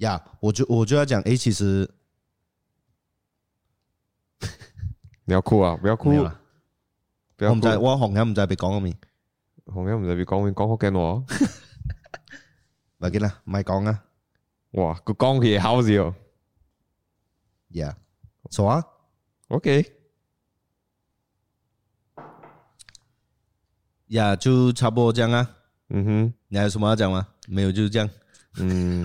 呀，我就我就要講，誒，其實你要哭啊，不要哭，唔好，唔再我紅嘅唔再別講個面，紅嘅唔再別講面，講好驚我，咪見啦，唔係講啊，哇，佢講佢嘢好笑，呀，做啊，OK，呀，就差不多咁樣啊，嗯哼，你還有什麼要講嗎？沒有，就是這樣，嗯。